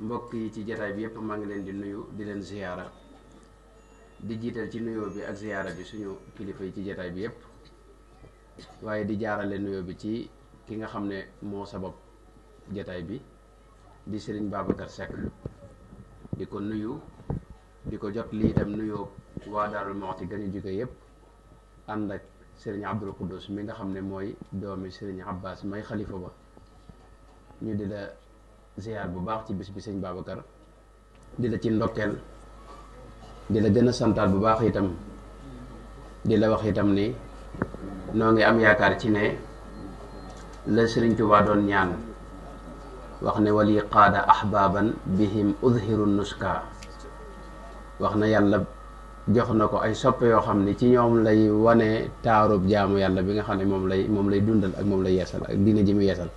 mbokk yi ci jotaay bi yépp maa ngi leen di nuyu di leen ziyaara di jiital ci nuyoo bi ak ziyaara bi suñu kilifa yi ci jotaay bi yépp waaye di jaarale nuyoo bi ci ki nga xam ne moo sabab jotaay bi di sëriñ Babacar Seck di ko nuyu di ko jot lii itam nuyoo waa Daarul gën a jóge yépp ànd ak sëriñ Abdul Quddus mi nga xam ne mooy doomi sëriñ Abbas may xalifa ba ñu di la ziar bu baax ci bis bi sëñ Babacar di la ci ndokkeel di la gën a santaat bu baax itam di la wax itam ni noo ngi am yaakaar ci ne la sëriñ Tuubaa doon ñaan wax ne wali qaada ahbaaban bihim udhiru nuska wax na yàlla jox na ko ay soppe yoo xam ne ci ñoom lay wane taarub jaamu yàlla bi nga xam ne moom lay moom lay dundal ak moom lay yeesal ak diina ji mu yeesal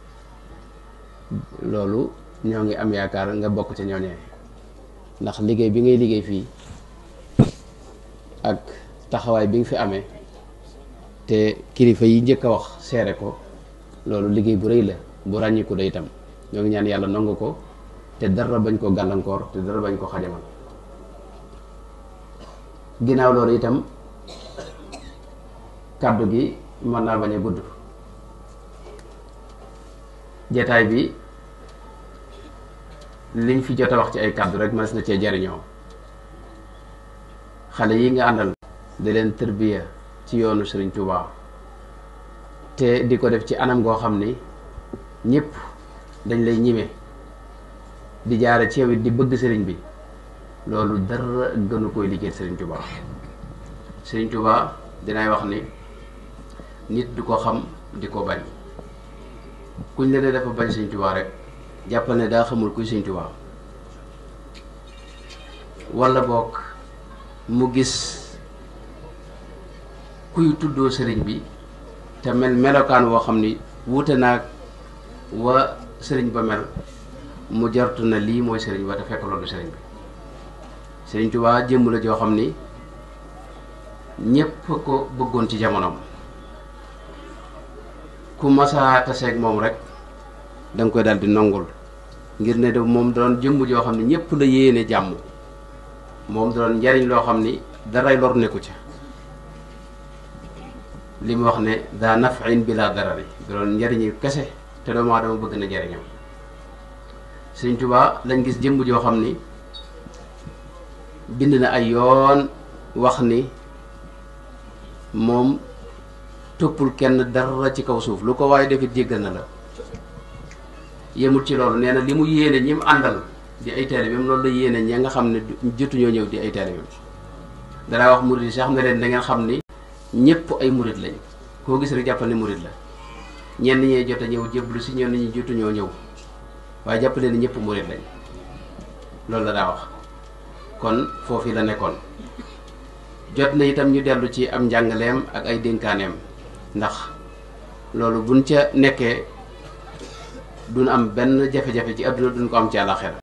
loolu ñoo ngi am yaakaar nga bokk ci ñooñee ndax liggéey bi ngay liggéey fii ak taxawaay bi nga fi amee te kilifa yi njëkk a wax seere ko loolu liggéey bu rëy la bu ràññiku day itam ñoo ngi ñaan yàlla nangu ko te dara bañ ko gàllankoor te dara bañ ko xajamal ginaaw loolu itam kàddu gi mën naa bañ a gudd bi liñ fi jot wax ci ay kàddu rek mas na cee jariñoo xale yi nga àndal di leen tërbiya ci yoonu Serigne Touba te di ko def ci anam goo xam ni ñëpp dañ lay ñime di jaare ci yow di bëgg Serigne bi loolu dara gënu koy liggéey Serigne Touba Serigne Touba dinaay wax ni nit du ko xam di ko bañ kuñ la dee dafa bañ Serigne Touba rek. jàppal ne daa xamul kuy Sëñ Tuubaa walla bokk mu gis kuy tuddoo sëriñ bi te mel melokaan woo xam ni wuute naag wa sëriñ ba mel mu jartu na lii mooy sëriñ ba te fekk loolu sëriñ bi Sëriñ Tuubaa jëmm la joo xam ni ñépp ko bëggoon ci jamonoom ku masaa taseeg moom rek da koy daal di nongul ngir ne de moom doon jëmm joo xam ne ñëpp la yéene jàmm moom doon njariñ loo xam ni daray lor nekku ca li mu wax ne daa nafin bi laa darari doon njariñu kese te doomu aadama bëgg na njariñam Sëriñ Tuubaa lañ gis jëmm joo xam ni bind na ay yoon wax ni moom toppul kenn dara ci kaw suuf lu ko waaye defit jéggal na la yemul ci loolu nee na li mu yéene ñi mu àndal di ay taalibeem loolu la yéene ña nga xam ne jotuñoo ñëw di ay taalibeem danaa wax murid yi sax ne leen da ngeen xam ni ñëpp ay murid lañ koo gis rek jàppal ne murid la ñenn ñee jot a ñëw jébbalu si ñenn ñi jotuñoo ñëw waaye jàpp leen ñëpp murid lañ loolu la daa wax kon foofu la nekkoon jot na itam ñu dellu ci am njàngaleem ak ay dénkaaneem ndax loolu buñ ca nekkee dun am benn jafe-jafe ci àdduna duñ ko am ci àllaxira